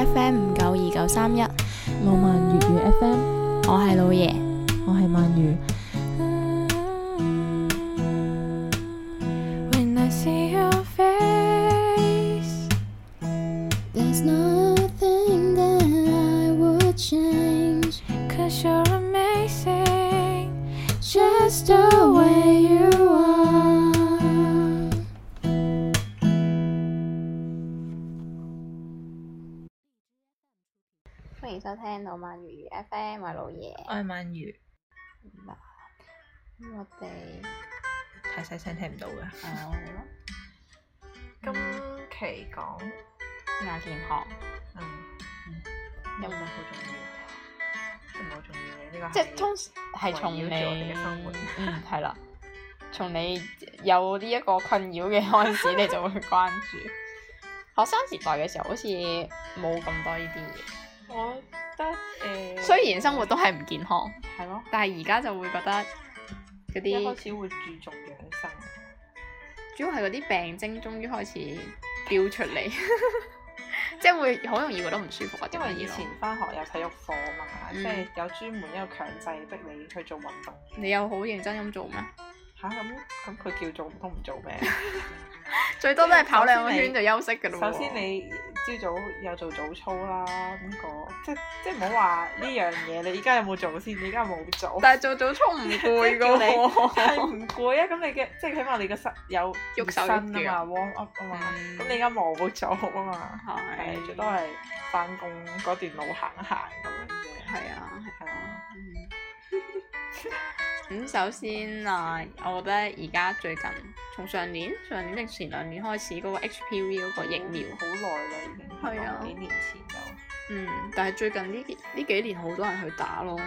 FM 魚魚 F M 五九二九三一浪漫粵語 F M，我係老爺，我係鰻魚。愛曼如、嗯，我哋太細聲聽唔到嘅、 嗯。哦，今期講亞健康，嗯，咁樣好重要，都唔係好重要嘅呢個。即係通常係從你，嘅生活 嗯，係啦，從你有呢一個困擾嘅開始，你就會關注。 學生時代嘅時候好，好似冇咁多呢啲嘢。我覺得誒，呃、雖然生活都係唔健康，係咯、嗯，但係而家就會覺得嗰啲開始 會注重養生，主要係嗰啲病徵終於開始飆出嚟，即係會好容易覺得唔舒服。因為以前返學有體育課嘛，嗯、即係有專門一個強制逼你去做運動。你又好認真咁做咩？吓咁咁佢叫做都唔做咩？ 最多都係跑兩個圈就休息噶啦。首先你。朝早又做早操啦，咁個，即即唔好話呢樣嘢，你依家有冇做先？你而家冇做。 但係做早操唔攰噶喎，係唔攰啊！咁你嘅即係起碼你個身有喐身啊嘛動動，warm up 啊嘛，咁、嗯、你而家冇做啊嘛是，最多係翻工嗰段路行行咁樣啫。係啊，係啊。 咁、嗯、首先嗱，我覺得而家最近，從上年、上年即前兩年開始，嗰、嗰個 HPV 嗰個疫苗好耐啦，已經係啊，幾年前就、啊、嗯，但係最近呢呢幾年好多人去打咯。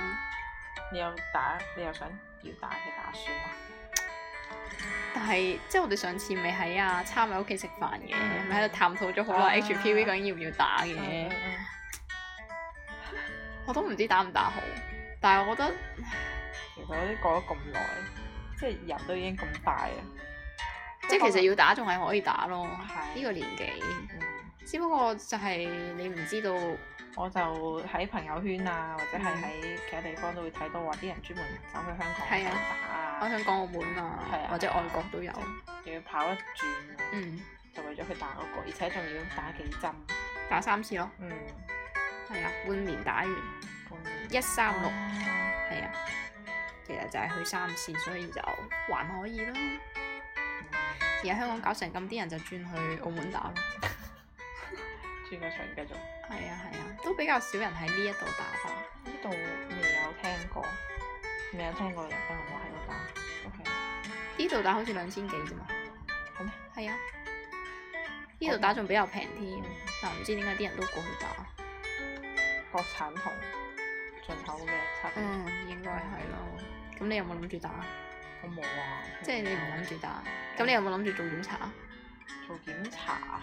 你有打，你有想要打嘅打算？但係即係我哋上次咪喺阿差喺屋企食飯嘅，咪喺度探討咗好多 HPV 究竟要唔要打嘅，啊啊啊、我都唔知打唔打好，但係我覺得。其實我都過咗咁耐，即係人都已經咁大喇。即係其實要打仲係可以打咯，呢個年紀。嗯。只不過就係你唔知道，我就喺朋友圈啊，或者係喺其他地方都會睇到話啲人專門走去香港打啊，我想講澳門啊，啊，或者外國都有。又要跑一轉。嗯。就為咗去打嗰個，而且仲要打幾針。打三次咯。嗯。係啊，半年打完。半年。一三六。哦。係啊。其實就係去三次，所以就還可以啦。而喺、嗯、香港搞成咁，啲人就轉去澳門打咯。嗯、 轉個場繼續。係啊係啊，都比較少人喺呢一度打啊。呢度未有聽過，未有、嗯、聽，聽過人講喺度打。呢、okay、度打好似兩千幾啫嘛。係咩？係啊，呢度打仲比較平啲，的但唔知點解啲人都過去打。國產同。進口嘅，哦、應該嗯，應該係咯。咁你有冇諗住打？好冇啊。即係你唔諗住打，咁、嗯、你有冇諗住做檢查？做檢查，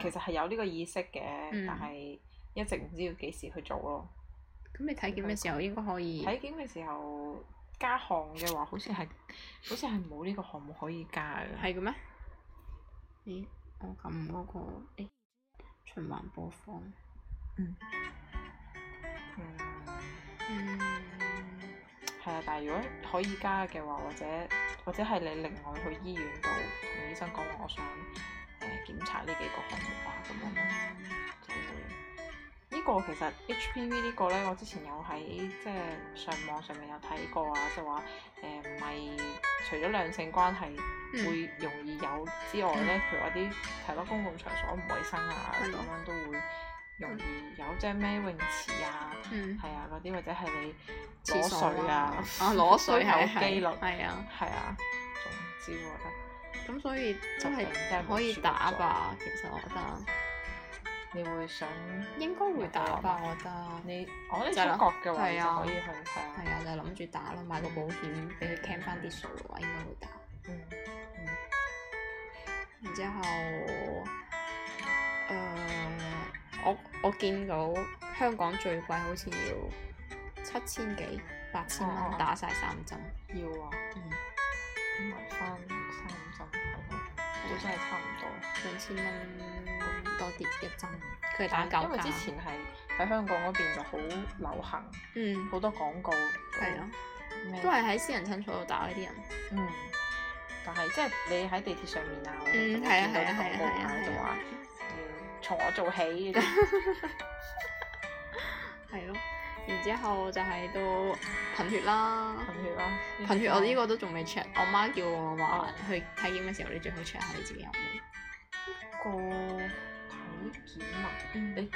其實係有呢個意識嘅，嗯、但係一直唔知要幾時去做咯。咁、嗯、你體檢嘅時候應該可以。體檢嘅時候加項嘅話，好似係，好似係冇呢個項目可以加嘅。係嘅咩？咦，我撳嗰、嗰個，誒，循環播放。嗯。嗯嗯，係啊，但係如果可以加嘅話，或者或者係你另外去醫院度同醫生講話，我想誒檢、呃、查呢幾個項目啊，咁樣就會呢、呢個其實 HPV 呢個呢，我之前有喺即係上網上面有睇過啊，就係話誒唔係除咗兩性關係會容易有、嗯、之外呢，譬如一啲係咯公共場所唔衛生啊，咁樣的都會。容易有即咩泳池啊，係啊嗰啲或者係你攞水啊，攞水有機率係啊係啊，總之我覺得。咁所以真係可以打吧，其實我覺得。你會想應該會打吧，我覺得你我哋中國啊，可以去係啊，係啊就諗住打咯，買個保險俾佢 claim 翻啲數嘅話應該會打。嗯，嗯。然之後，誒。我我見到香港最貴好似要七千幾八千蚊打晒三針。要啊，五、六、三、三五針，好似真係差唔多兩千蚊多啲一針。佢係打九價。因為之前係喺香港嗰邊就好流行，嗯，好多廣告。係啊，都係喺私人診所度打呢啲人。嗯，但係即係你喺地鐵上面啊，或者見到啲廣告啊，就話。從我做起，係咯，然之後就係到貧血啦，貧血啦，貧血。我呢個都仲未 check，我媽叫我話去體檢嘅時候，你最好 check 下你自己有冇個體檢啊？你呢、欸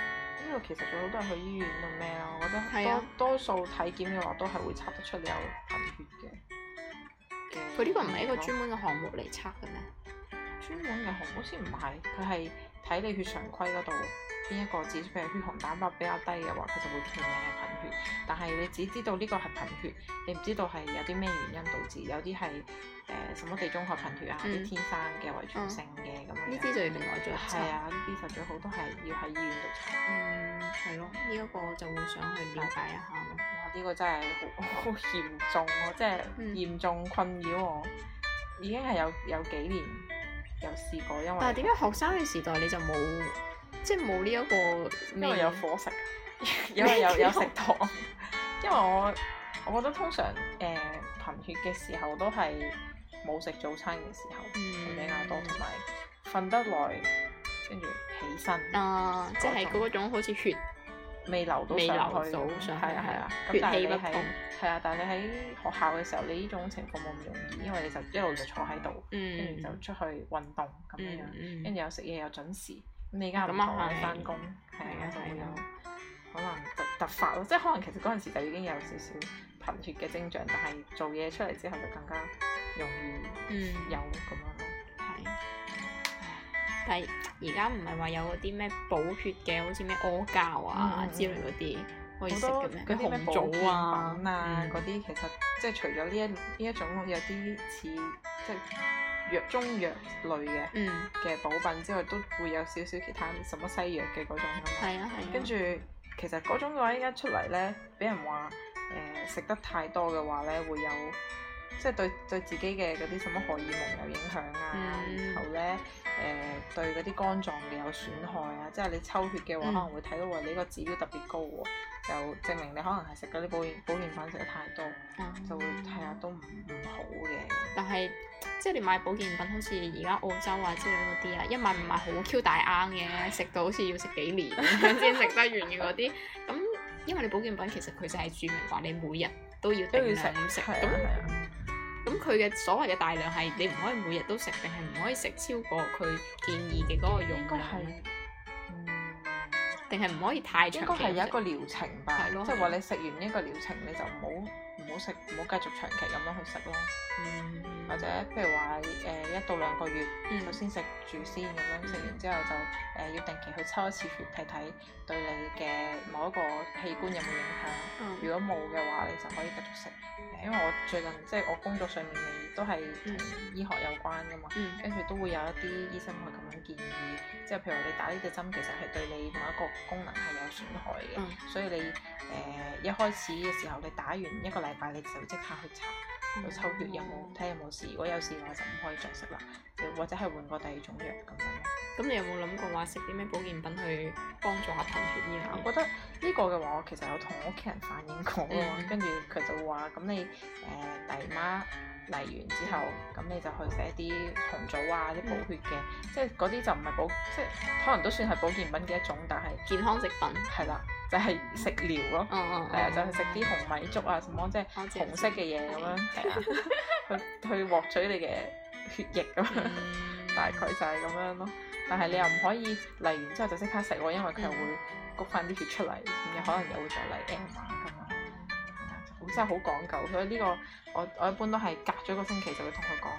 欸、個其實最好都係去醫院度咩咯？我覺得係啊。多數體檢嘅話，都係會測得出你有貧血嘅。佢呢、嗯、個唔係一個專門嘅項目嚟測嘅咩？專門嘅項目好似唔係，佢係。睇你血常規嗰度，邊一個指血紅蛋白比較低嘅話，佢就會判你係貧血。但係你只知道呢個係貧血，你唔知道係有啲咩原因導致，有啲係誒什麼地中海貧血、嗯、啊，啲天生嘅遺傳性嘅咁樣。呢啲就要另外最係啊，呢啲就最好都係要喺醫院度查。嗯，係咯，呢、這、一個就會想去了解一下咯。哇！呢、這個真係好、嗯、嚴重咯，即係嚴重困擾我，嗯嗯、已經係有有幾年。有試過，因為但係點解學生嘅時代你就冇，即係冇呢一個？因為有伙食， 因為有有食堂。 因為我我覺得通常誒、呃、貧血嘅時候都係冇食早餐嘅時候、嗯、會比較多，同埋瞓得耐跟住起身。嗯、起啊，過即係嗰種好似血。未留到上去，係啊係啊，血氣不通，係啊。但你喺學校嘅時候，你呢種情況冇咁容易，因為你就一路就坐喺度，跟住就出去運動咁樣樣，跟住又食嘢又準時。咁你而家唔同嘅，翻工係啊，就會有可能突發咯。即係可能其實嗰陣時就已經有少少貧血嘅徵象，但係做嘢出嚟之後就更加容易有咁樣咯。但係而家唔係話有啲咩補血嘅？好似咩阿膠啊、嗯、之類嗰啲可以食嘅咩？好多嘅紅棗啊嗰啲，品啊嗯、其實即係除咗呢一呢一種有啲似即係藥中藥類嘅嘅、嗯、補品之外，都會有少少其他什麼西藥嘅嗰種。係啊係。跟住、啊啊、其實嗰種嘅話一出嚟咧，俾人話誒、呃、食得太多嘅話咧，會有。即係對對自己嘅嗰啲什麼荷爾蒙有影響啊，嗯、然後咧誒、呃、對嗰啲肝臟嘅有損害啊。即、就、係、是、你抽血嘅話，嗯、可能會睇到話你個指標特別高喎、啊，就證明你可能係食嗰啲保保健品食得太多，就會睇下都唔好嘅、嗯嗯。但係即係你買保健品，好似而家澳洲啊之類嗰啲啊，一買唔係好 q 大啱嘅，食到好似要食幾年先食得完嘅嗰啲。咁因為你保健品其實佢就係註明話你每日都要都要食，咁、啊啊。咁佢嘅所謂嘅大量係，你唔可以每日都食，定係唔可以食超過佢建議嘅嗰個用量，定係唔可以太長期。應該係有一個療程吧，即係話你食完一個療程你就唔好。唔好食，唔好繼續長期咁樣去食咯。嗯、或者譬如話誒一到兩個月就、嗯、先食住先，咁樣食完之後就誒、呃、要定期去抽一次血，睇睇對你嘅某一個器官有冇影響。嗯、如果冇嘅話，你就可以繼續食。因為我最近即係我工作上面，都係同醫學有關噶嘛，跟住都會有一啲醫生會咁樣建議，即係譬如你打呢隻針，其實係對你某一個功能係有損害嘅，嗯、所以你誒、呃、一開始嘅時候，你打完一個禮拜，你就即刻去查，去抽血有冇睇有冇、嗯、事。如果有事嘅話，就唔可以再食啦，又或者係換過第二種藥咁樣。咁你有冇諗過話食啲咩保健品去幫助下、啊、貧血嘅？的我覺得呢個嘅話，我其實有同屋企人反映過，跟住佢就話咁你誒大、呃、媽。嚟完之後，咁你就去食一啲紅棗啊，啲補血嘅、嗯，即係嗰啲就唔係補，即係可能都算係保健品嘅一種，但係健康食品係、嗯、啦，就係、是、食療咯，係啊、嗯，嗯、就係食啲紅米粥啊，什麼、嗯、即係紅色嘅嘢咁樣，係、嗯、啊，去去獲取你嘅血液咁樣，大概就係咁樣咯。但係你又唔可以嚟完之後就即刻食喎，因為佢又會焗翻啲血出嚟，有可能又會再嚟 M、嗯嗯嗯真係好講究，所以呢個我我一般都係隔咗一個星期就會同佢講，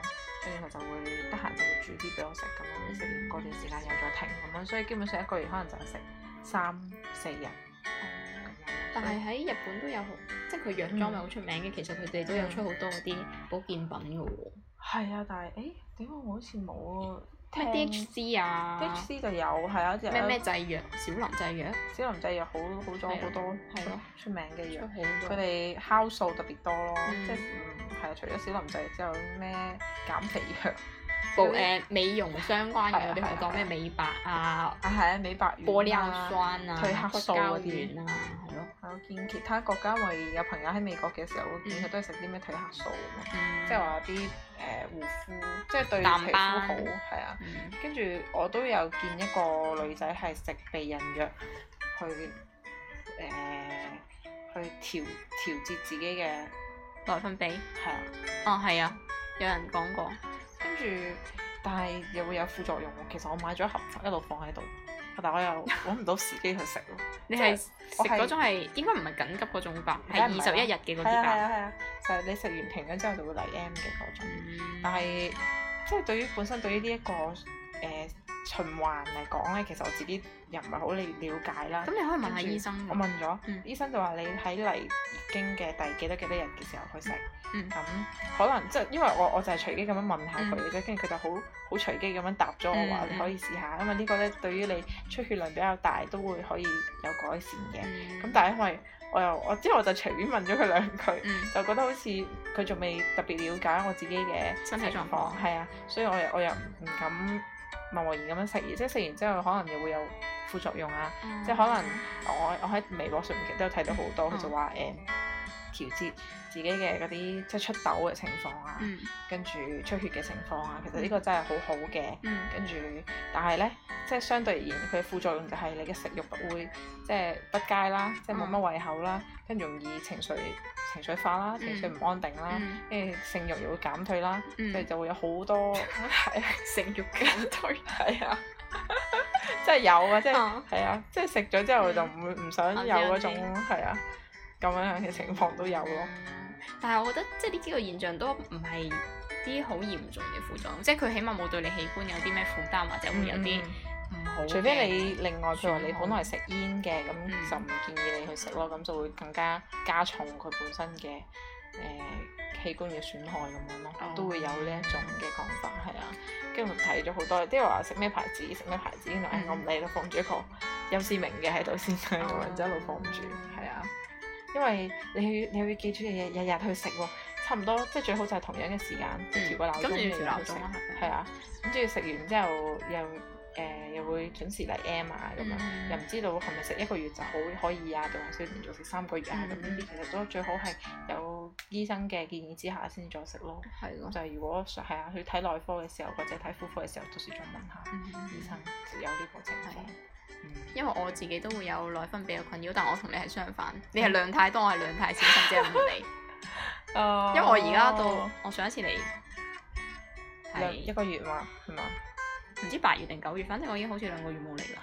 跟住佢就會得閒就會煮啲俾我食咁樣，食、嗯、過段時間又再停咁樣，所以基本上一個月可能就食三四日。嗯、樣但係喺日本都有好，嗯、即係佢藥妝咪好出名嘅，其實佢哋都有出好多嗰啲保健品嘅喎。係、嗯、啊，但係誒點解我好似冇啊？嗯聽 DHC 啊，DHC 就有係啊一隻咩咩製藥，小林製藥，小林製藥好好咗好了多，係咯了出名嘅藥，佢哋酵素特別多咯，即係係啊除咗小林製之後咩減肥藥。部美容相關嘅嗰啲好多咩美白啊，啊係啊美白乳啊、褪、啊、黑素嗰啲啊，係咯、啊。係咯。我見其他國家咪有朋友喺美國嘅時候，嗯、見佢都係食啲咩褪黑素，即係話啲誒護膚，即、就、係、是、對皮膚好，係班啊。跟、嗯、住我都有見一個女仔係食避孕藥去誒、呃、去調調節自己嘅內分泌，係啊對。哦，係啊，有人講過。跟住，但係又會有副作用喎。其實我買咗一盒，一路放喺度，但我又揾唔到時機去食咯。你係食嗰種係是應該唔係緊急嗰種吧？係二十一日嘅嗰啲吧？係啊係啊，就係你食完停咗之後就會嚟 M 嘅嗰種。M 但係即係對於本身對於呢一個誒，嗯呃循環嚟講咧，其實我自己又唔係好了了解啦。咁你可以問下醫生。我問咗，醫生就話你喺嚟月經嘅第幾多幾多日嘅時候去食，咁可能即係因為我我就係隨機咁樣問下佢嘅啫，跟住佢就好好隨機咁樣答咗我話你可以試下，因為呢個咧對於你出血量比較大都會可以有改善嘅。咁但係因為我又我之後我就隨便問咗佢兩句，就覺得好似佢仲未特別了解我自己嘅身體狀況，係啊，所以我又我又唔敢。默默然咁樣食，即係食完之後可能又會有副作用啊！嗯、即可能我我喺微博上面其實都有睇到好多，佢、嗯、就話誒。嗯 uh 調節自己嘅嗰啲即係出痘嘅情況啊，跟住出血嘅情況啊，其實呢個真係好好嘅。跟住，但係呢，即係相對而言，佢嘅副作用就係你嘅食慾會即係不佳啦，即係冇乜胃口啦，跟住容易情緒情緒化啦，情緒唔安定啦，跟住性欲又會減退啦，所以就會有好多係性欲減退係啊，即係有啊，即係係啊，即係食咗之後就唔會唔想有嗰種係啊。咁樣樣嘅情況都有咯、嗯，但係我覺得即係呢幾個現象都唔係啲好嚴重嘅副作用，即係佢起碼冇對你器官有啲咩負擔，或者會有啲、嗯、除非你另外譬如話你好耐食煙嘅，咁就唔建議你去食咯，咁就會更加加重佢本身嘅誒器官嘅損害咁樣咯，嗯、都會有呢一種嘅講法係啊，跟住睇咗好多即係話食咩牌子食咩牌子，原來、哎、我唔理啦，放住一個優思明嘅喺度先，咁樣一路放住。因為你要你會記住嘅嘢，日日去食喎，差唔多即係最好就係同樣嘅時間，調個鬧鐘嚟去食。係啊，咁住食完之後又誒又會準時嚟 M 啊咁樣，又唔知道係咪食一個月就好可以啊，定還是要連續食三個月啊？咁呢啲其實都最好係有醫生嘅建議之下先再食咯。係咯。就係如果係啊，去睇內科嘅時候或者睇婦科嘅時候，到時再問下醫生有呢個情況。因為我自己都會有內分泌嘅困擾，但我同你係相反，你係量太多，我係量太少，甚至係唔嚟。 呃、因為我而家到我上一次嚟係一個月嘛，係嘛？唔知八月定九月，反正我已經好似兩個月冇嚟啦。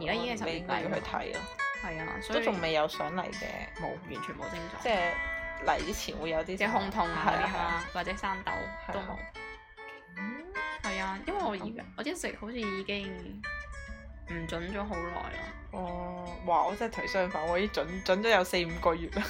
而家、啊、應該十月要去睇咯、啊。係啊，所以都仲未有想嚟嘅，冇完全冇症狀。即係嚟之前會有啲即係胸痛係啊，係係或者生痘的都冇。係、嗯、啊，因為我而家，我一直好似已經。唔準咗好耐啦！哦，哇！我真係同你相反，我已經準準咗有四五個月啦。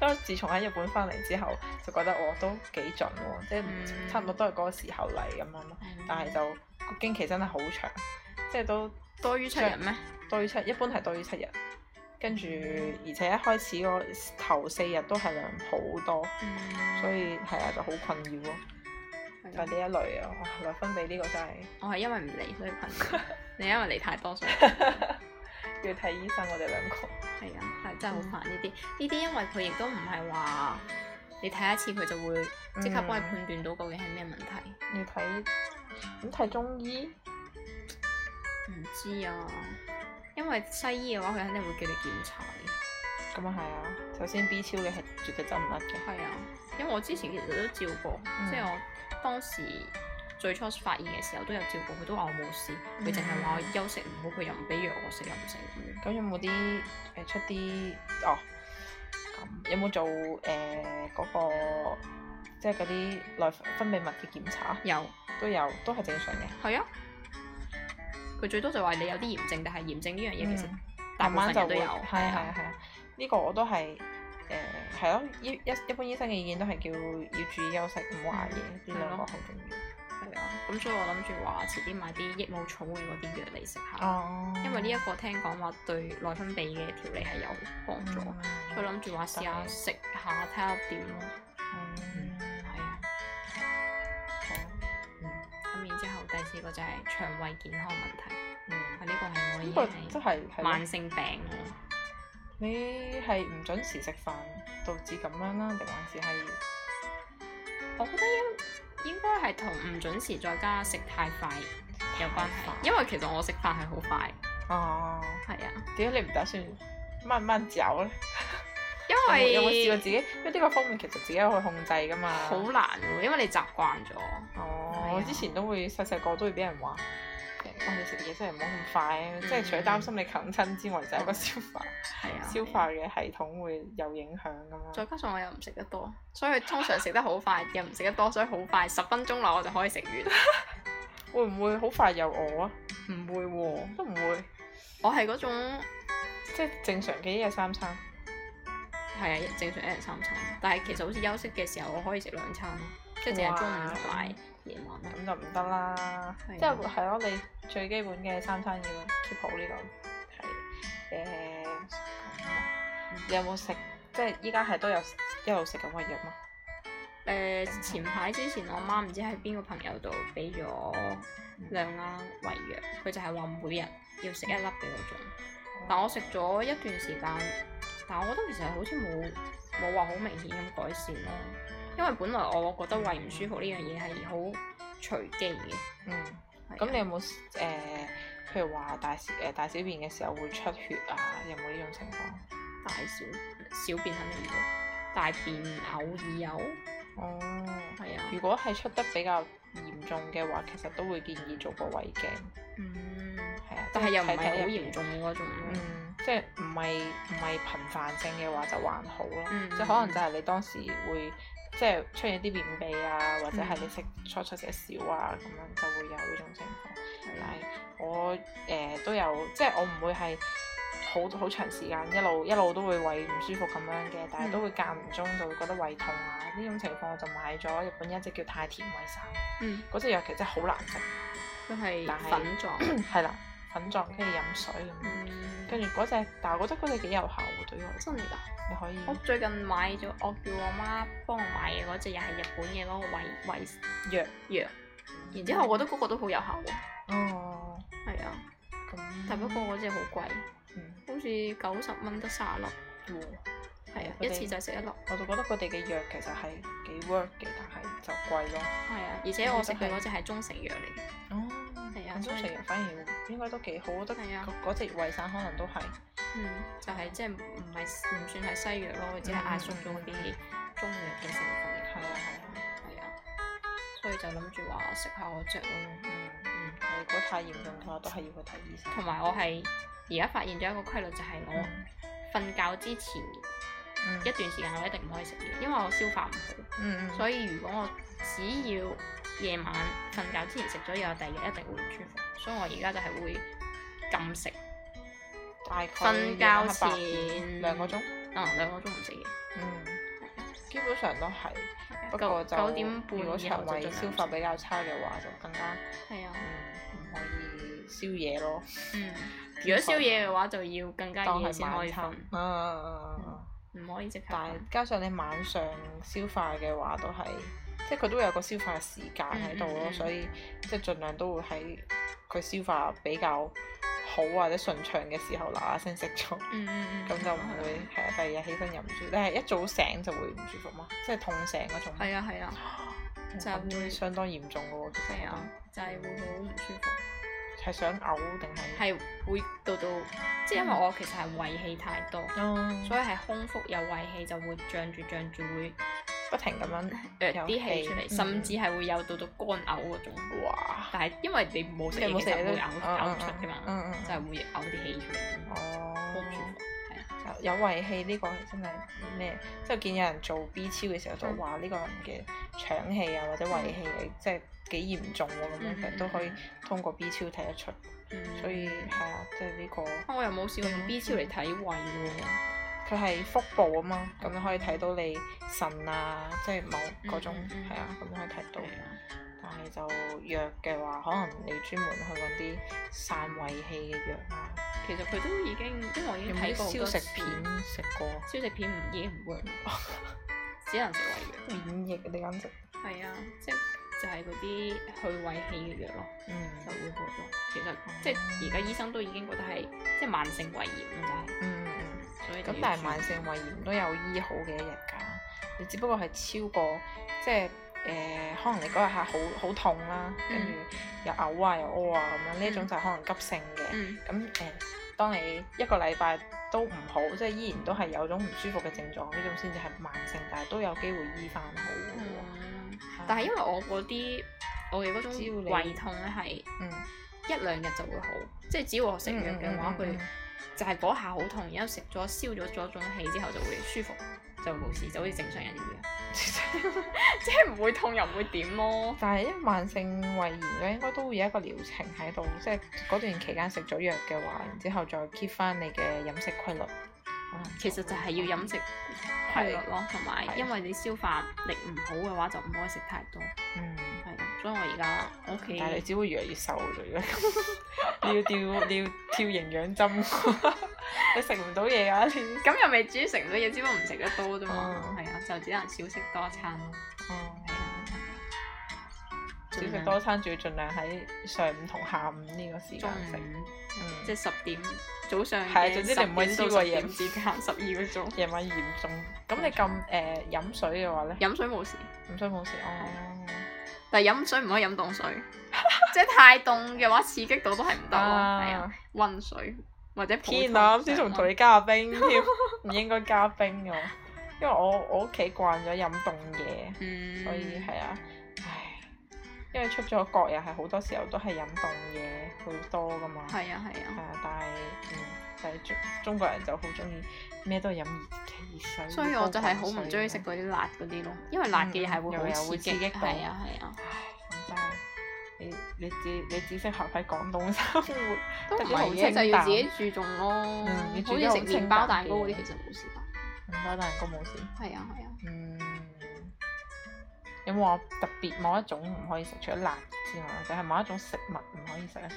都 自從喺日本翻嚟之後，就覺得我都幾準喎，即、就、係、是嗯、差唔多都係嗰個時候嚟咁樣咯。但係就個經期真係好長，即、就、係、是、都多於七日咩？多於七，一般係多於七日。跟住、嗯、而且一開始嗰頭四日都係量好多，所以係啊，就好困擾咯。就呢一類啊，內分泌呢個真係。我係因為唔嚟，所以困。你因為你太多，所 要睇醫生。我哋兩個係啊，係真係好煩呢啲呢啲，嗯、因為佢亦都唔係話你睇一次佢就會即刻幫你判斷到究竟係咩問題、嗯你。要睇，咁睇中醫唔知啊，因為西醫嘅話佢肯定會叫你檢查嘅。咁啊係啊，首先 B 超嘅係絕對走唔甩嘅。係啊，因為我之前其實都照過，即係、嗯、我當時。最初發現嘅時候都有照顧，佢都話我冇事，佢淨係話我休息唔好，佢又唔俾藥我食，又唔食。咁、嗯、有冇啲誒出啲哦？嗯、有冇做誒嗰、呃那個即係嗰啲內分泌物嘅檢查有，都有，都係正常嘅。係啊，佢最多就話你有啲炎症，但係炎症呢樣嘢其實慢慢就會有，係係係啊。呢、啊啊啊啊呢個我都係誒係咯，醫、呃、一、啊啊、一般醫生嘅意見都係叫要，要注意休息，唔好捱夜，呢兩個好重要。係啊，咁所以我諗住話遲啲買啲益母草嘅嗰啲藥嚟食下，哦、因為呢一個聽講話對內分泌嘅調理係有幫助，嗯、所以諗住話試下食下睇下點咯。嗯，係啊。嗯嗯、好。咁、嗯、然之後第四個就係腸胃健康問題，嗯、呢、嗯啊這個係我嘅，即係慢性病、就是、你係唔準時食飯導致咁樣啦，定還是係我覺得係同唔準時在家食太快有關係，因為其實我食飯係好快。哦，係啊。點解你唔打算慢慢嚼咧？ 因為 有冇試過自己？因為呢個方面其實自己可以控制噶嘛。好難喎，因為你習慣咗。哦。啊、我之前都會細細個都會俾人話。我哋食嘢真係唔好咁快，啊，嗯、即係除咗擔心你啃親之外，就、嗯、有個消化，啊、消化嘅系統會有影響咁樣。啊啊、再加上我又唔食得多，所以通常食得好快， 又唔食得多，所以好快十分鐘內我就可以食完。 會唔會好快又餓啊？唔會喎，都唔會。我係嗰種即係正常嘅一日三餐。係啊，正常一日三餐，但係其實好似休息嘅時候，我可以食兩餐，即係淨係中午同埋。咁就唔得啦，即係係咯，就是、對你最基本嘅三餐要 keep 好呢、呢個係誒，呃嗯、你有冇食即係依家係都有一路食緊胃藥嗎？誒、呃嗯、前排之前我媽唔知喺邊個朋友度俾咗兩粒胃藥，佢、嗯、就係話每日要食一粒嘅嗰種，嗯、但我食咗一段時間，但我覺得其實好似冇冇話好明顯咁改善咯。因為本來我覺得胃唔舒服呢樣嘢係好隨機嘅，嗯，咁你有冇誒、呃？譬如話大誒大小便嘅時候會出血啊？有冇呢種情況？大小小便肯定要，大便偶爾有。哦，係啊的。如果係出得比較嚴重嘅話，其實都會建議做個胃鏡。嗯，係啊，但係又唔係好嚴重嗰種，嗯、即係唔係唔係頻繁性嘅話就還好咯，即係、嗯、可能就係你當時會。即係出現啲便秘啊，或者係你食初初食少啊，咁樣就會有呢種情況。嗯、但係我誒、呃、都有，即係我唔會係好好長時間一路一路都會胃唔舒服咁樣嘅，但係都會間唔中就會覺得胃痛啊呢、嗯、種情況，我就買咗日本一隻叫太田胃散。嗯，嗰隻藥其實真係好難食。佢係粉狀。係啦是。 粉狀，跟住飲水咁，跟住嗰隻，但係我覺得嗰隻幾有效喎對我。真係㗎，你可以。我最近買咗，我叫我媽幫我買嘅嗰隻又係日本嘅嗰個胃胃藥藥，然之後我覺得嗰個都好有效喎。哦，係啊，但不過嗰隻好貴，好似九十蚊得三粒。哦，係啊，一次就食一粒。我就覺得佢哋嘅藥其實係幾 work 嘅，但係就貴咯。係啊，而且我食佢嗰隻係中成藥嚟。中成藥反而應該都幾好，都係啊，嗰隻維生素可能都係。嗯，就係、是、即係唔係唔算係西藥咯，佢只係亞細族嗰啲中藥嘅成分。係、嗯、啊係啊係啊，啊，所以就諗住話食下我隻咯。嗯，嗯如果太嚴重嘅話，都係要去睇醫生。同埋我係而家發現咗一個規律，就係、是、我瞓覺之前、嗯、一段時間，我一定唔可以食嘢，因為我消化唔好。嗯。所以如果我只要夜晚瞓覺之前食咗嘢，我第二日一定會唔舒服，所以我而家就係會禁食，大概瞓覺前兩個鐘，嗯，兩個鐘唔食嘢，嗯，基本上都係，不過就九點半如果腸胃消化比較差嘅話就更加，係啊，唔可以宵夜咯，嗯，如果宵夜嘅話就要更加夜先可以瞓，啊，唔可以食，但係加上你晚上消化嘅話都係。即係佢都會有個消化時間喺度咯，嗯嗯、所以即係盡量都會喺佢消化比較好或者順暢嘅時候嗱嗱聲食咗，咁、嗯、就唔會係啊、嗯。第二日起身又唔舒服，你係一早醒就會唔舒服嘛，即係痛醒嗰種。係啊係啊，嗯、就係會，會相當嚴重嘅喎。係啊，就係、係、會好唔舒服，係想嘔定係？係會到到，即係因為我其實係胃氣太多，嗯、所以係空腹有胃氣就會脹住脹住會，不停咁樣誒有啲氣出嚟，甚至係會有到到乾嘔嗰種。哇！但係因為你冇食嘢就都嘔嘔唔出㗎嘛，就係會嘔啲氣出嚟。哦，舒服。有胃氣呢個係真係咩？即係見有人做 B 超嘅時候就話呢個人嘅腸氣啊或者胃氣，即係幾嚴重喎咁樣，都可以通過 B 超睇得出。所以係啊，即係呢個。我又冇試過用 B 超嚟睇胃喎。佢係腹部啊嘛，咁你可以睇到你腎啊，即係某嗰種係啊，咁、嗯嗯嗯、可以睇到。嗯嗯但係就藥嘅話，可能你專門去揾啲散胃氣嘅藥啊。其實佢都已經，因為我已經睇過消食片食過。消食片唔嘢唔會， 只能食胃藥。免疫嘅啲飲食。係啊，即係就係嗰啲去胃氣嘅藥咯。嗯。就會好多，其實、嗯、即係而家醫生都已經覺得係即係慢性胃炎啦，就係、嗯。嗯。咁但係慢性胃炎都有醫好嘅一日噶，你只不過係超過，即係誒、呃，可能你嗰日係好好痛啦，跟住、嗯、又嘔啊又屙啊咁樣，呢、嗯、種就係可能急性嘅。咁誒、嗯呃，當你一個禮拜都唔好，即係依然都係有種唔舒服嘅症狀，呢種先至係慢性，但係都有機會醫翻好，好。嗯嗯、但係因為我嗰啲，我嘅嗰種胃痛咧係、嗯、一兩日就會好，即係只要我食藥嘅話佢。就係嗰下好痛，然後食咗消咗嗰種氣之後就會舒服，就冇事，就好似正常人一樣。即係唔會痛又唔會點咯、啊。但係因為慢性胃炎咧，應該都會有一個療程喺度，即係嗰段期間食咗藥嘅話，然之後再 keep 翻你嘅飲食規律。其實就係要飲食規律咯，同埋對因為你消化力唔好嘅話，就唔可以食太多。嗯。係，所以我而家 OK。但係你只會越嚟越瘦咗， 你要， 要 吊營養針，你食唔到嘢啊！咁又未煮食唔到嘢，只不過唔食得多啫嘛。係啊，就只能少食多餐。少食多餐，仲要盡量喺上午同下午呢個時間食，即係十點早上。係啊，總之你唔可以超過夜間十二個鐘。夜晚嚴重，咁你咁誒飲水嘅話咧？飲水冇事，飲水冇事哦。但飲水唔可以飲凍水， 即係太凍嘅話，刺激到都係唔得咯。係啊，溫水或者普通。天啊，啱先仲同你加下冰添，唔 應該加冰㗎，因為我我屋企慣咗飲凍嘢，嗯、所以係啊，唉，因為出咗國又係好多時候都係飲凍嘢好多㗎嘛。係啊係啊，係啊，啊但係嗯，但係中中國人就好中意。咩都係飲熱氣水，所以我就係好唔中意食嗰啲辣嗰啲咯，因為辣嘅嘢係會好刺激，係啊係啊。唉，真係你你只你只適合喺廣東生活。都係好清淡，就要自己注重咯。嗯，好似食麪包蛋糕嗰啲其實冇事吧？麪包蛋糕冇事。係啊係啊。嗯，有冇話特別某一種唔可以食，除咗辣之外，定係某一種食物唔可以食咧？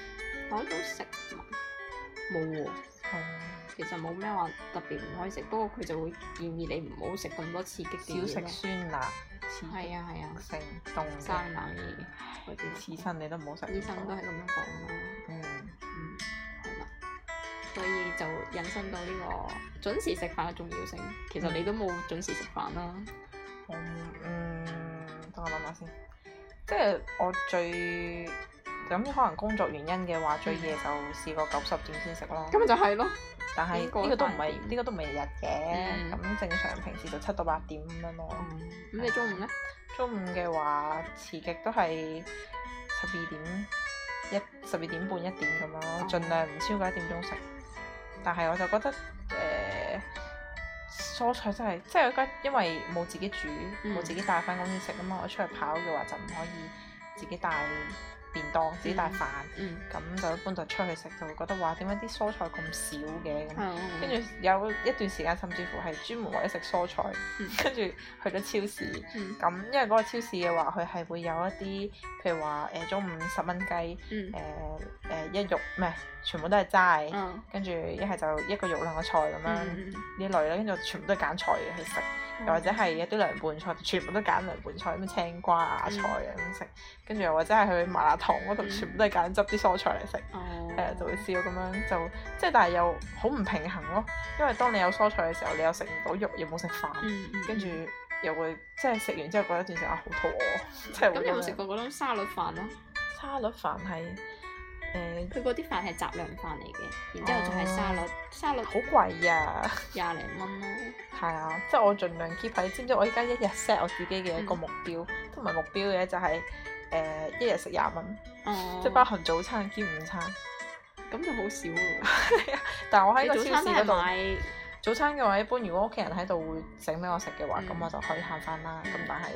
某一種食物，冇喎。嗯、其實冇咩話特別唔可以食，不過佢就會建議你唔好食咁多刺激嘅，少食酸辣，係啊係啊，食凍、啊、生冷嘢嗰啲刺身你都唔好食。醫生都係咁樣講啦。嗯，係啦、嗯，所以就引申到呢個準時食飯嘅重要性。嗯、其實你都冇準時食飯啦。嗯，等我諗下先。即係我最。咁可能工作原因嘅話，最夜就試過九十點先食咯。咁就係咯。但係是呢個都唔係呢個都唔係日日嘅，咁、嗯、正常平時就七到八點咁樣咯。咁、嗯嗯、你中午呢？中午嘅話，遲極都係十二點一十二點半一點咁樣咯，哦、盡量唔超過一點鐘食。但係我就覺得誒、呃，蔬菜真係即係而家，就是、因為冇自己煮，冇、嗯、自己帶翻公司食啊嘛。我出去跑嘅話，就唔可以自己帶。便當自己帶飯，咁、嗯嗯、就一般就出去食，就會覺得話點解啲蔬菜咁少嘅？跟住、嗯嗯、有一段時間甚至乎係專門為咗食蔬菜，跟住、嗯、去咗超市。咁、嗯、因為嗰個超市嘅話，佢係會有一啲，譬如話誒、呃、中午十蚊雞，誒誒、嗯呃呃、一肉咩？全部都係齋，跟住一係就一個肉兩個菜咁樣、嗯、類呢類啦，跟住全部都係揀菜去食，嗯、又或者係一啲涼拌菜，全部都揀涼拌菜，咩青瓜啊、嗯、菜咁食，跟住又或者係去麻辣燙嗰度，嗯、全部都係揀執啲蔬菜嚟食，係啊、嗯嗯、就會笑到咁樣就即係，但係又好唔平衡咯，因為當你有蔬菜嘅時候，你又食唔到肉，又冇食飯，跟住、嗯、又會即係食完之後覺得有段時間好肚餓。咁有冇食過嗰種沙律飯啊？沙律飯係。誒，佢嗰啲飯係雜糧飯嚟嘅，然之後就係沙律。哦、沙律好貴啊，廿零蚊咯。係 啊，即係我盡量 keep 慳，你知唔知？我依家一日 set 我自己嘅一個目標，都唔係目標嘅，就係、係、誒、呃、一日食廿蚊，哦、即係包含早餐兼午餐，咁就好少。 但係我喺個超市度買。早餐嘅話，一般如果屋企人喺度會整俾我食嘅話，咁、嗯、我就可以慳翻啦。咁、嗯、但係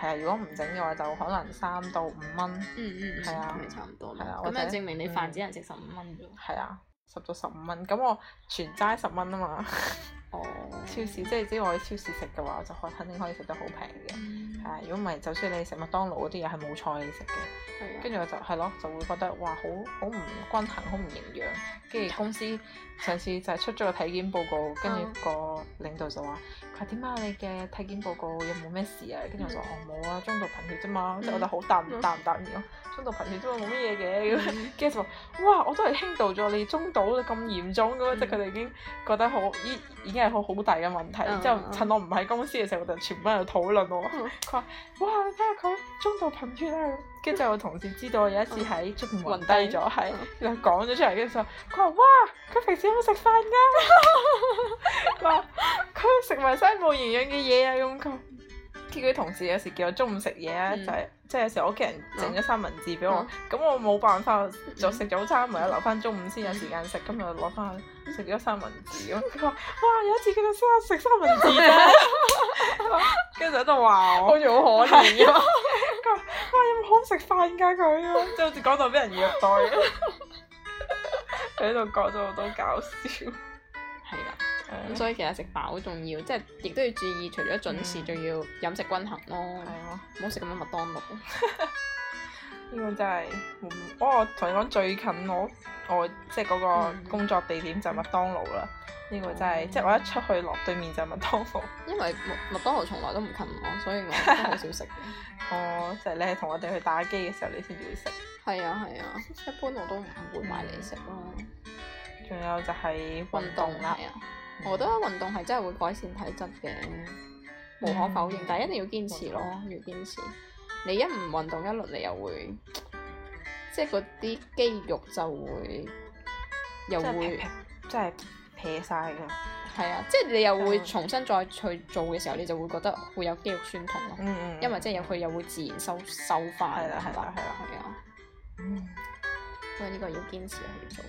係啊，如果唔整嘅話，就可能三到五蚊、嗯，嗯、啊、嗯，係啊，差唔多。咁就證明你飯只能食十五蚊啫。係、嗯、啊，十到十五蚊，咁我全齋十蚊啊嘛。 哦，超市即係只要我喺超市食嘅話，我就可以肯定可以食得好平嘅。嗯如果唔係，就算你食麥當勞嗰啲嘢，係冇菜食嘅，跟住我就係咯，就會覺得哇，好好唔均衡，好唔營養。跟住公司上次就係出咗個體檢報告，跟住個領導就話，佢點解你嘅體檢報告有冇咩事啊？跟住我就話，我冇啊，中度貧血啫嘛。即係、嗯、我就好淡唔淡唔得意咯，中度貧血都冇乜嘢嘅。跟住就話，哇！我都係輕度咗，你中度咁嚴重嘅、嗯、即係佢哋已經覺得好已經係好好大嘅問題。之後趁我唔喺公司嘅時候，我就全部喺度討論我討論。 哇！你睇下佢中度貧血啦，跟住我同事知道，有一次喺出邊暈低咗，係就講咗出嚟。跟住佢話，哇，佢平時有冇食飯噶？佢話佢食埋真係冇營養嘅嘢啊！咁佢佢同事有時叫我中午食嘢啊，就係即係有時候我屋企人整咗三文治俾我，咁、嗯嗯、我冇辦法就食早餐，唯有留翻中午先有時間食，咁就攞翻去。食咗三文治、啊，咁佢話哇，有一次佢就喺食三文治、啊，跟住喺度話我，好似好可憐咁。佢話啊有冇好食飯噶佢啊，即係 好似講到俾人虐待啊。喺度講咗好多搞笑，係啦。咁所以其實食飽好重要，即係亦都要注意，除咗準時，仲、嗯、要飲食均衡咯。係啊，唔好食咁多麥當勞。 呢個真係、嗯哦，我同你講最近我我即係嗰個工作地點就麥當勞啦。呢、嗯、個真係，嗯、即係我一出去落對面就麥當風。因為麥麥當勞從來都唔近我，所以我都好少食。我、 哦，就係、是、你係同我哋去打機嘅時候你，你先至會食。係啊係啊，一般我都唔會買嚟食咯。仲、嗯、有就係運動啦。我覺得運動係真係會改善體質嘅，嗯、無可否認。但係一定要堅持咯、啊，動要堅持。你一唔運動一輪，你又會，即係嗰啲肌肉就會又會，即係撇晒㗎。係啊，即係你又會重新再去做嘅時候，你就會覺得會有肌肉酸痛咯。嗯嗯。因為即係入去又會自然收收翻。係啦係啦係啦。係啊。嗯，所以呢個要堅持去做。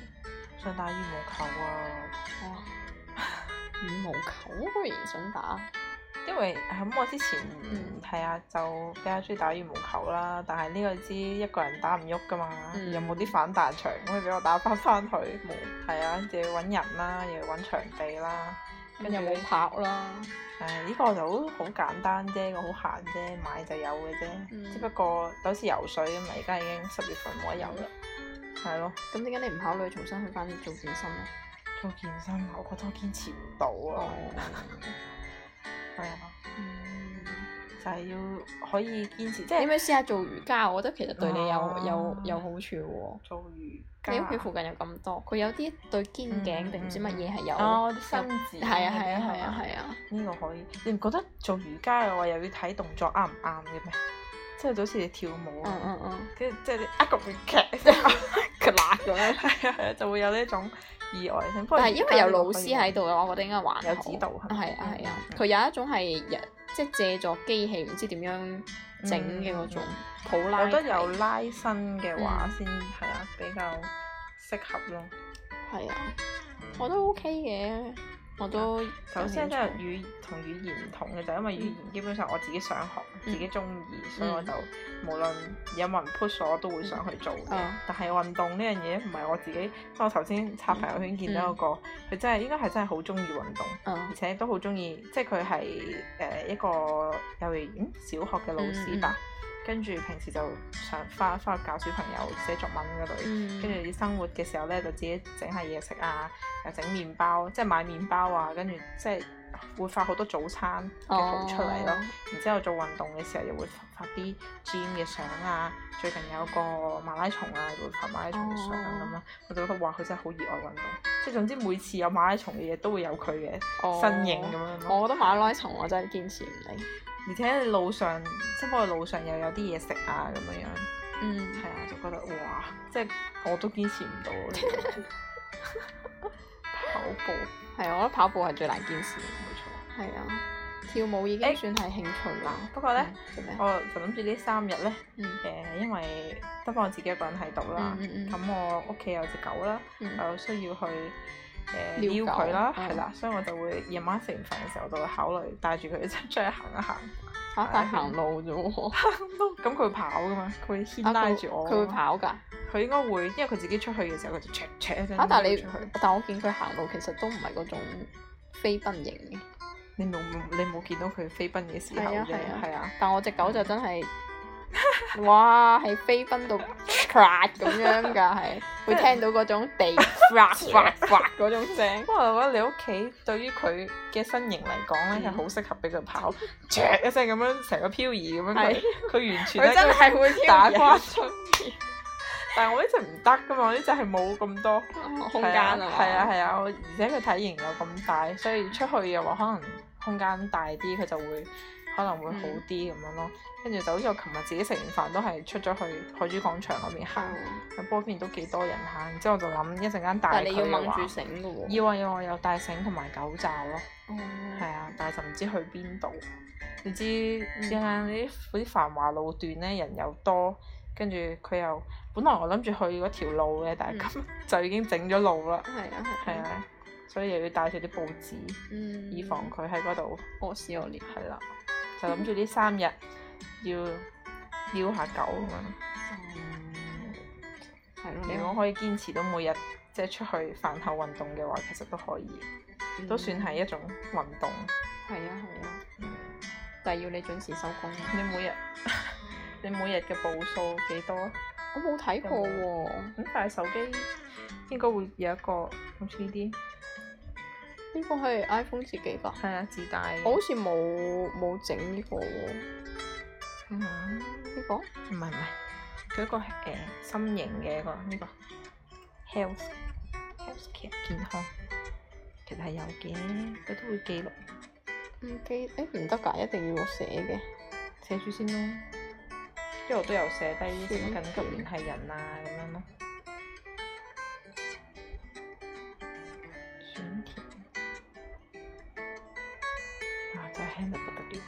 想打羽毛球啊！羽毛球居然想打。因為咁、嗯、我之前係、嗯嗯、啊，就比較中意打羽毛球啦，但係呢個知一個人打唔喐噶嘛，又冇啲反彈場可以俾我打翻翻去。冇、嗯。係啊，就要揾人啦，又要揾場地啦，跟住冇拍啦。唉、嗯、呢、呢個就好好簡單啫，我好閒啫，買就有嘅啫。嗯、只不過就好似游水咁啊，而家已經十月份冇得游啦。係咯、嗯。咁點解你唔考慮重新去翻做健身咧？做健身，我覺得我堅持唔到啊。Oh. 係啊，嗯， 就係、是、要可以堅持，即係你咪試下做瑜伽，我覺得其實對你有、啊、有有好處喎。做瑜伽，你屋企附近有咁多，佢有啲對肩頸定唔知乜嘢係有，哦，啲伸展係啊係啊係啊係啊，呢、嗯、個可以。你唔覺得做瑜伽嘅話又要睇動作啱唔啱嘅咩？即係就好似你跳舞，嗯嗯嗯，跟、嗯、住、嗯嗯、即係你一個勁夾，佢爛咗，係啊係啊，就會有呢一種。意外性，但係因為有老師喺度咯，我覺得應該還有指導，係啊係啊，佢、啊啊嗯、有一種係日即係借助機器唔知點樣整嘅嗰種，嗯、普拉提我覺得有拉伸嘅話先係啊比較適合咯。係啊，我都 OK 嘅。我都首先都係語同語言唔同嘅，就因為語言基本上我自己想學，嗯、自己中意，所以我就無論有冇人 push 我，我都會想去做嘅。嗯、但係運動呢樣嘢唔係我自己，即係我頭先刷朋友圈見到一個，佢真係應該係真係好中意運動，而且都好中意，即係佢係誒一個幼兒園、小學嘅老師吧。嗯跟住平時就想返返去教小朋友寫作文嗰類，跟住、嗯、生活嘅時候咧，就自己整下嘢食啊，又整麵包，即係買麵包啊，跟住即係會發好多早餐嘅圖出嚟咯。哦、然之後做運動嘅時候又會發啲 gym 嘅相啊，最近有個馬拉松啊，會發馬拉松嘅相咁樣，我就覺得哇，佢真係好熱愛運動。即係總之每次有馬拉松嘅嘢都會有佢嘅身影咁樣咯。哦嗯、我覺得馬拉松我真係堅持唔嚟。而且路上，即係不過路上又有啲嘢食啊咁樣樣，嗯，係啊，就覺得哇，即係我都堅持唔到。呢 跑步係啊，我覺得跑步係最難堅持，冇錯。係啊，跳舞已經算係興趣啦。欸、不過咧，嗯、我就諗住呢三日咧，誒、嗯，因為得返我自己一個人喺度啦，咁、嗯嗯嗯、我屋企有隻狗啦，嗯、我需要去。誒遛佢啦，係啦，所以我就會夜晚食完飯嘅時候，我就會考慮帶住佢出出去行一行。嚇，但行路啫喎。咁佢跑噶嘛，佢牽拉住我。佢會跑㗎，佢應該會，因為佢自己出去嘅時候，佢就斜斜一陣。嚇！但係你，但我見佢行路其實都唔係嗰種飛奔型嘅。你冇，你冇見到佢飛奔嘅時候啫，係啊！但我隻狗就真係。 哇，係飛奔到咁樣噶，係 會聽到嗰種地滑滑滑嗰種聲。不過，我覺得你屋企對於佢嘅身形嚟講咧，係好適合俾佢跑，唰一聲咁樣成個漂移咁樣。佢完全係打滑出 但係我呢隻唔得噶嘛，呢隻係冇咁多空間啊。係啊係啊，而且佢體型又咁大，所以出去又話可能空間大啲，佢就會。可能會好啲咁樣咯，跟住就好似我琴日自己食完飯都係出咗去海珠廣場嗰邊行，喺波邊都幾多人行。之後我就諗一陣間帶佢嘅話，以為我有帶繩同埋狗繩咯，係啊，但係就唔知去邊度。唔知啲咧啲嗰啲繁華路段咧人又多，跟住佢又本來我諗住去嗰條路嘅，但係咁就已經整咗路啦，係啊，係啊，所以又要帶住啲報紙，嗯，以防佢喺嗰度屙屎屙尿，係啦。 就諗住呢三日要遛下狗。嗯，啊樣，你我可以堅持到每日即係、就是、出去飯後運動嘅話，其實都可以，嗯、都算係一種運動。係啊係啊，啊嗯、但係要你準時收工。 你每日 你每日嘅步數幾多？我冇睇過喎、哦。咁、嗯、但係手機應該會有一個好似呢啲。呢個係 iPhone 自己㗎，係啊，自帶。我好似冇冇整呢個喎。啊，呢個？唔係唔係，佢一個誒心形嘅個呢個 health health care 健康，其實係有嘅，佢都會記錄。記誒唔得㗎，一定要我寫嘅，寫住先咯。因為我都有寫低啲緊急聯繫人啊咁樣咯。輕得不得了，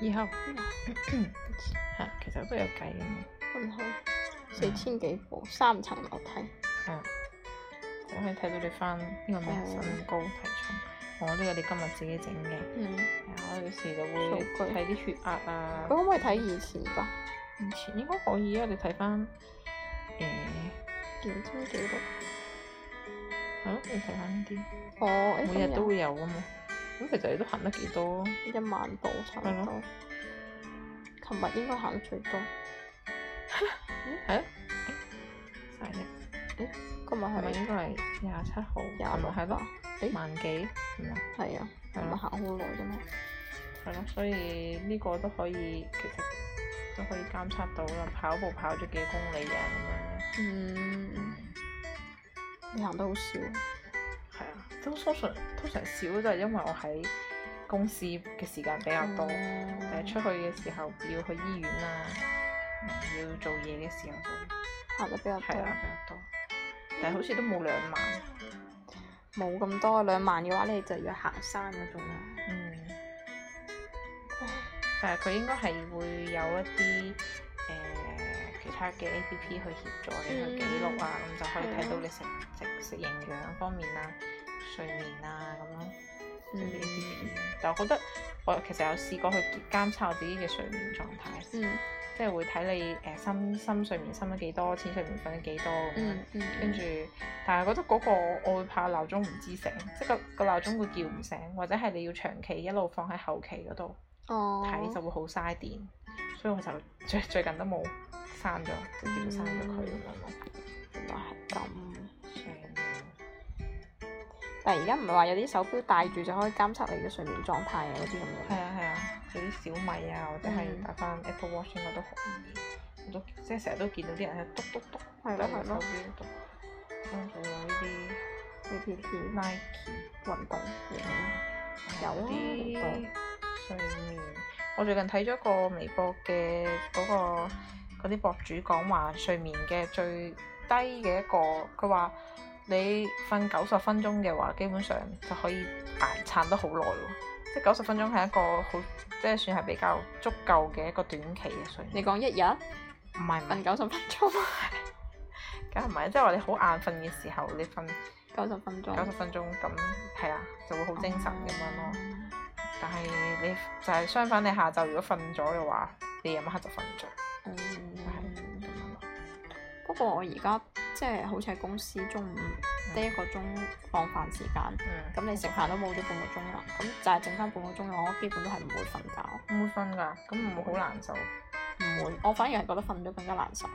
以後吓， 其實都有計嘅嘛，咁好，四千幾步，嗯、三層樓梯，係啊，可以睇到你翻呢個咩身高體、哦、重，我、哦、呢、這個你今日自己整嘅，嗯，我有時就會睇啲收咎 血壓啊，佢可唔可以睇以前噶？以前應該可以啊，你睇翻，誒、欸，幾千幾步。係咯，你睇下呢啲，哦，每日都會有㗎嘛。咁其實你都行得幾多？一萬步差唔多。係琴日應該行得最多。嗯，係咯。三日。誒，今日係咪應該係廿七號？廿六係咯。誒。萬幾？係啊。係咪行好耐啫嘛？係咯，所以呢個都可以，其實都可以監測到啦。跑步跑咗幾公里啊咁樣。嗯。行得好少，係啊，都通常通常少，就係因為我喺公司嘅時間比較多，誒、嗯、出去嘅時候要去醫院啊，嗯、要做嘢嘅時候就行得比較多，係啊，比較多，嗯、但係好似都冇兩萬，冇咁多，兩萬嘅話呢就要行山嗰種啦。嗯，唉但係佢應該係會有一啲。測嘅 A P P 去協助你去記錄啊，咁、嗯、就可以睇到你食食食營養方面啊、睡眠啊咁咯。但係、啊嗯啊、我覺得我其實有試過去監測自己嘅睡眠狀態，嗯、即係會睇你誒、呃、深深睡眠深咗幾多，淺睡眠瞓咗幾多，嗯，嗯嗯。跟住，但係覺得嗰個我會怕鬧鐘唔知醒，即、就、係、係嗰個、嗰個鬧鐘會叫唔醒，或者係你要長期一路放喺後期嗰度。睇就會好嘥電，所以我就最最近都冇刪咗，直接刪咗佢咁樣咯。原來係咁睡眠。但係而家唔係話有啲手錶戴住就可以監測你嘅睡眠狀態啊嗰啲咁樣。係啊係啊，有啲小米啊，或者係買翻 Apple Watch 咁都可以，我都即係成日都見到啲人喺度篤篤篤，戴手錶篤。跟住有呢啲 B P P Nike 運動嘅，有啲。好多。睡眠，我最近睇咗個微博嘅嗰個嗰啲博主講話睡眠嘅最低嘅一個，佢話你瞓九十分鐘嘅話，基本上就可以硬撐得好耐喎。即係九十分鐘係一個好，即係算係比較足夠嘅一個短期嘅睡眠。你講一日？唔係唔係，瞓九十分鐘。係，梗係唔係，即係話你好眼瞓嘅時候你，你瞓九十分鐘，九十分鐘咁係啊，就會好精神咁樣咯。Oh. 但係你就係、是、相反，你下晝如果瞓咗嘅話，你夜晚黑就瞓唔著。哦、嗯。不過是我而家即係好似喺公司中午得一個鐘放飯時間，咁、嗯、你食飯都冇咗半個鐘啦。咁、嗯、就係剩翻半個鐘嘅話，我基本都係唔會瞓覺。唔會瞓㗎？咁唔會好難受？唔會，會我，我反而係覺得瞓咗更加難受。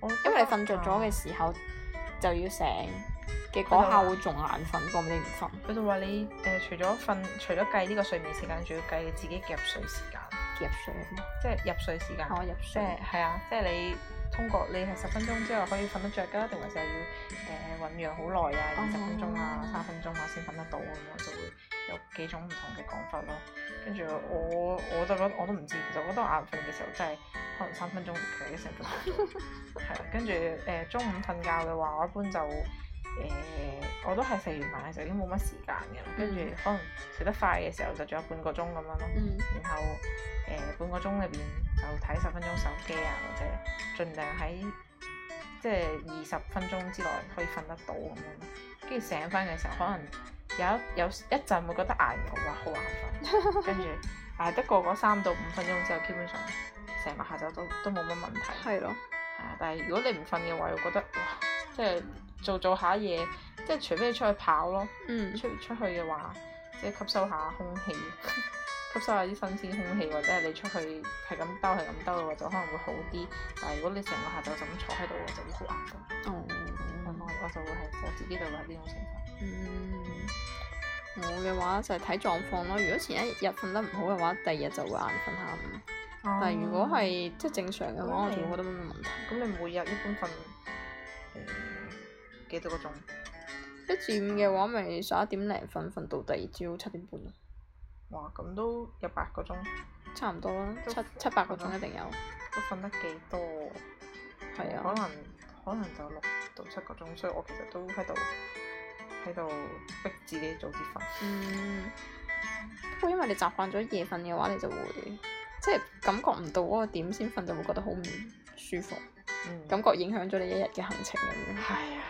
我 Okay. 因為你瞓着咗嘅時候就要醒。嗰下會仲眼瞓，我過你唔瞓？佢就話你誒，除咗瞓，除咗計呢個睡眠時間，仲要計你自己嘅入睡時間。哦、入睡即係入睡時間。係入即係係啊，即係你通過你係十分鐘之後可以瞓得着㗎，定還是要誒醞釀好耐啊，二、呃嗯、十分鐘啊，三分鐘啊先瞓得到咁、嗯、樣，就會有幾種唔同嘅講法咯。跟住我我就覺得我都唔知，其實我覺得眼瞓嘅時候真係可能三分鐘就，其實幾十分鐘。係啊，跟住誒、呃、中午瞓覺嘅話，我一般就～誒、呃，我都係食完飯嘅時候已經冇乜時間嘅，跟住可能食得快嘅時候就仲有半個鐘咁樣咯。嗯、然後誒、呃、半個鐘入邊就睇十分鐘手機啊，或者盡量喺即係二十分鐘之內可以瞓得到咁樣。跟住醒翻嘅時候，可能有一有一陣會覺得挨完，哇好眼瞓。跟住，挨， 得過嗰三到五分鐘之後，基本上成個下晝都都冇乜問題。係咯的，係啊。但係如果你唔瞓嘅話，我覺得哇，即係～做做下嘢，即係除非你出去跑咯，出、嗯、出去嘅話，即係吸收下空氣， 吸收下啲新鮮空氣，或者係你出去係咁兜係咁兜嘅話，就可能會好啲。但係如果你成個下晝就咁坐喺度，就啲眼瞓。哦、嗯，咁我就會係我自己就會係呢種情況。嗯、嗯，我嘅話就係睇狀況咯。如果前一日瞓得唔好嘅話，第二日就會眼瞓下。但係如果係、嗯、即係正常嘅話，我就仲覺得冇乜問題。咁你每日一般瞓？嗯幾多個鐘？一至五嘅話，咪十一點零分瞓到第二朝七點半咯。哇！咁都有八個鐘，差唔多啦睡，七七八個鐘一定有。都瞓得幾多？係啊。可能可能就六到七個鐘，所以我其實都喺度喺度逼自己早啲瞓。嗯。不過，因為你習慣咗夜瞓嘅話，你就會即係感覺唔到嗰個點先瞓，就會覺得好唔舒服，嗯、感覺影響咗你一日嘅行程咁樣。係啊。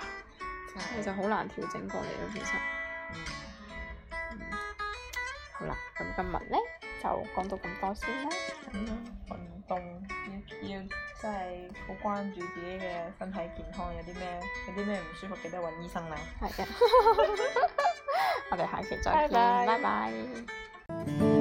佢就好難調整過嚟咯，其實，嗯嗯。好啦，咁今日咧就講到咁多先啦。咁、嗯、運動要要真係好關注自己嘅身體健康，有啲咩有啲咩唔舒服，記得揾醫生啦。係嘅，我哋下期再見。拜拜 bye。Bye bye